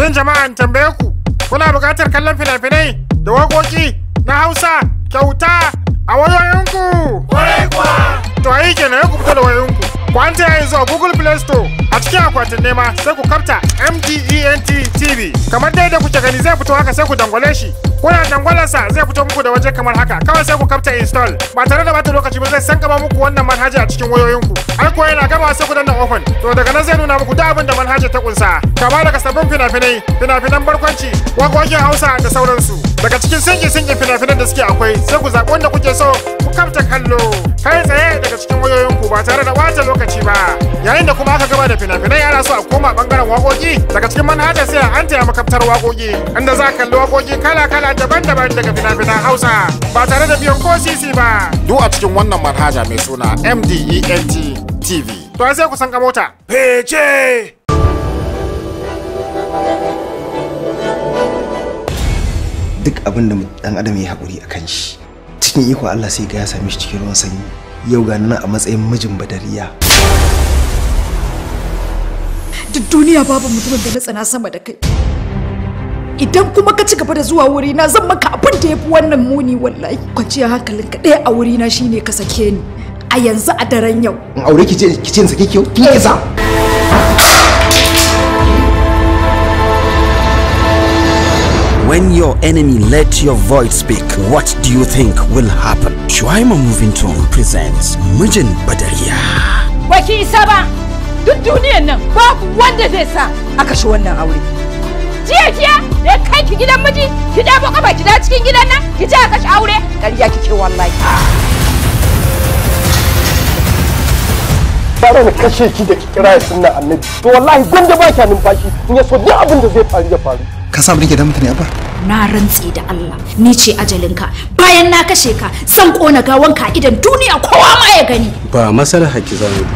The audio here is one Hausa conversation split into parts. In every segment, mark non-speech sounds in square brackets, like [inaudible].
Shin an tambaye ku kuna buƙatar kallon fina-finai da waƙoƙi na Hausa kyauta a wayoyinku? Kwarai kuwa! To ayi kenan ya ku fito da wayoyinku. Ku an yanzu a Google Play Store a cikin akwatin nema sai ku kafta MDE TNT TV kamar dai da kuke gani zai fito haka sai ku dangwale shi kuna dangwalar sa zai fito muku da waje kamar haka kawai sai ku kafta install ba tare da bata lokaci ba zai san gaba muku wannan manhaja a cikin wayoyinku har ko yana gaba sai ku danna open to daga nan zai nuna muku duk abin da manhaja ta kunsa kama daga sabbin fina-finai fina-finan barkwanci waƙoƙin Hausa da sauransu daga cikin sinki-sinki fina-finan da suke akwai sai ku zaɓi wanda kuke so ku kafta kallo kai tsaye cikin wayoyinku ba tare da wata lokaci ba yayin da kuma aka gaba da fina-finai ana so a koma bangaren wakoki daga cikin manhajar sai an taya makaftar wakoki inda za a kalli wakoki kala-kala daban-daban daga fina-finan hausa ba tare da biyan ko sisi ba duk a cikin wannan manhaja mai suna mdent tv to sai ku san ka mota fece duk abin da dan adam ya haƙuri a kan shi cikin iko Allah sai ga ya same shi cikin ruwan sanyi yau ga nan a matsayin mijin badariya duk duniya babu mutumin da na tsana sama da kai idan kuma ka ci gaba da zuwa wurina zan maka abin da ya fi wannan muni wallahi kwanciyar ka ɗaya a wurina shine ka sake ni a yanzu a daren yau in aure ki ce ki ce sake ki ki When your enemy let your voice speak, what do you think will happen? Shuaima Moving Tone presents Mijin Badariya. Baki saba duk duniyan nan babu wanda zai sa a kashe wannan aure. Jiya jiya da kai ki gidan miji, ki dabo kafa ki da cikin gidan nan, ki je a kashe aure, ƙarya kike wallahi. Bara na kashe ki da kira ya sunna annabi. To wallahi gwanda ba ki numfashi in ya so duk abin da zai faru ya faru. ka samu nake da mutane abba na rantsi da Allah ni ce ajalinka bayan na kashe ka san kona gawanka idan duniya kowa ma ya gani ba masalaha ki zamu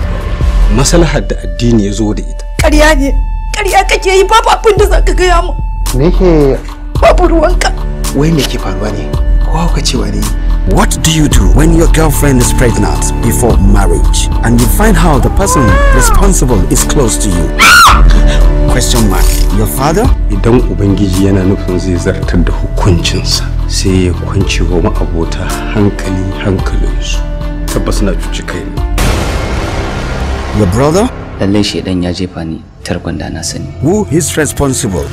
masalaha da addini ya zo da ita ƙarya ne ƙarya kake yi babu abin da zaka gaya mu me ke babu ruwanka wai me ke faruwa ne ko ka ce ne What do you do when your girlfriend is pregnant before marriage and you find how the person responsible is close to you? Ah! Question mark. your father idan ubangiji yana nufin zai zartar da hukuncinsa sai ya kwance wa ma'abota hankali hankalinsu tabbas na cuci kaina. your brother lallai shedan ya jefa ni tarkon da na sani who is responsible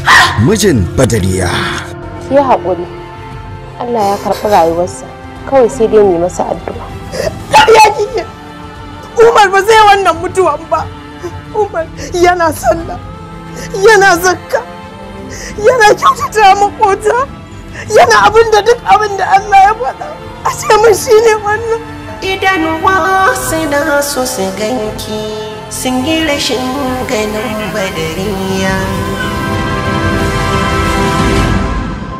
mijin badariya ki haƙuri Allah ya karɓi rayuwarsa kawai sai dai mu masa addu'a ya kike Umar ba zai wannan mutuwan ba Umar yana sallah yana zakka yana kyautata makota yana abin da duk abin da Allah ya faɗa a ce mun shine wannan idanuwa na so su ganki sun yi rashin ganin badariya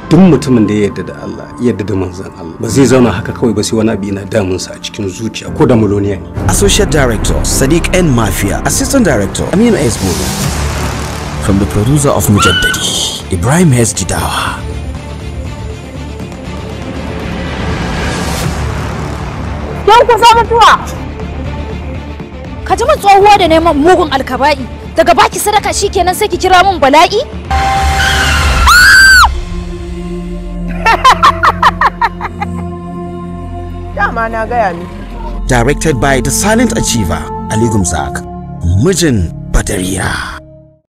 duk mutumin da ya yarda da Allah yarda da manzon Allah ba zai zauna haka kawai ba sai wani abu yana damun sa a cikin zuciya ko da muloniya ne associate director Sadiq N Mafia assistant director Aminu S from the producer of Mujaddadi, Ibrahim Hes Jidawa. tsohuwa da neman mugun alkaba'i, daga baki sadaka shi kenan sai ki kira mun bala'i? [laughs] Dama na gaya ni. Directed by The Silent Achiever, Ali Gumzak, mijin Badariya.